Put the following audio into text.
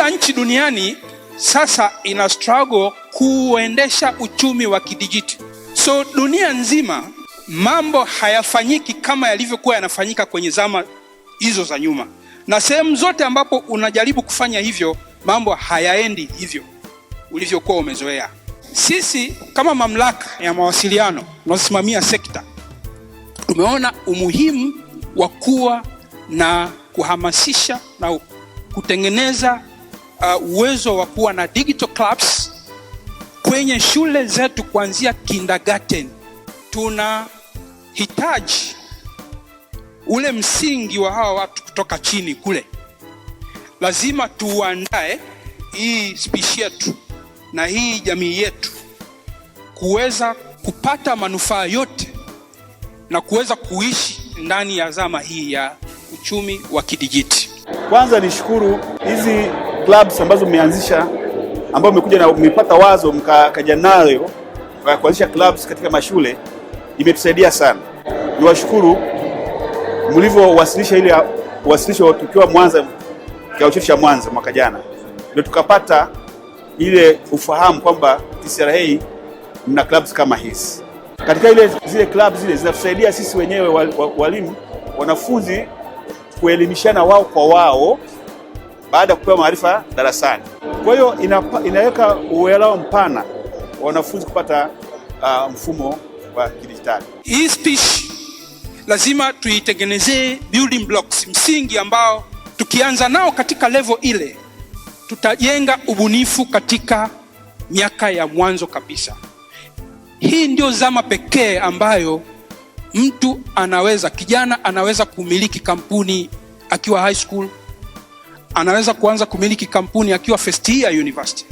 Kila nchi duniani sasa ina struggle kuuendesha uchumi wa kidijiti. So dunia nzima mambo hayafanyiki kama yalivyokuwa yanafanyika kwenye zama hizo za nyuma, na sehemu zote ambapo unajaribu kufanya hivyo mambo hayaendi hivyo ulivyokuwa umezoea. Sisi kama mamlaka ya mawasiliano unaosimamia sekta tumeona umuhimu wa kuwa na kuhamasisha na kutengeneza uh, uwezo wa kuwa na digital clubs kwenye shule zetu kuanzia kindergarten. Tunahitaji ule msingi wa hawa watu kutoka chini kule, lazima tuandae hii spishi yetu na hii jamii yetu kuweza kupata manufaa yote na kuweza kuishi ndani ya zama hii ya uchumi wa kidijiti. Kwanza nishukuru hizi clubs ambazo mmeanzisha ambao mmekuja na mmepata wazo mkakaja nayo kuanzisha clubs katika mashule imetusaidia sana. Niwashukuru mlivyowasilisha ile wasilisho tukiwa Mwanza Chuo cha Mwanza mwaka jana, ndio tukapata ile ufahamu kwamba TCRA mna clubs kama hizi. Katika ile zile clubs zile zinatusaidia sisi wenyewe walimu, wanafunzi kuelimishana wao kwa wao baada ya kupewa maarifa darasani. Kwa hiyo inaweka uelewa mpana wa wanafunzi kupata uh, mfumo wa kidijitali. Hii speech lazima tuitengenezee building blocks, msingi ambao tukianza nao katika level ile tutajenga ubunifu katika miaka ya mwanzo kabisa. Hii ndio zama pekee ambayo mtu anaweza, kijana anaweza kumiliki kampuni akiwa high school anaweza kuanza kumiliki kampuni akiwa first year university.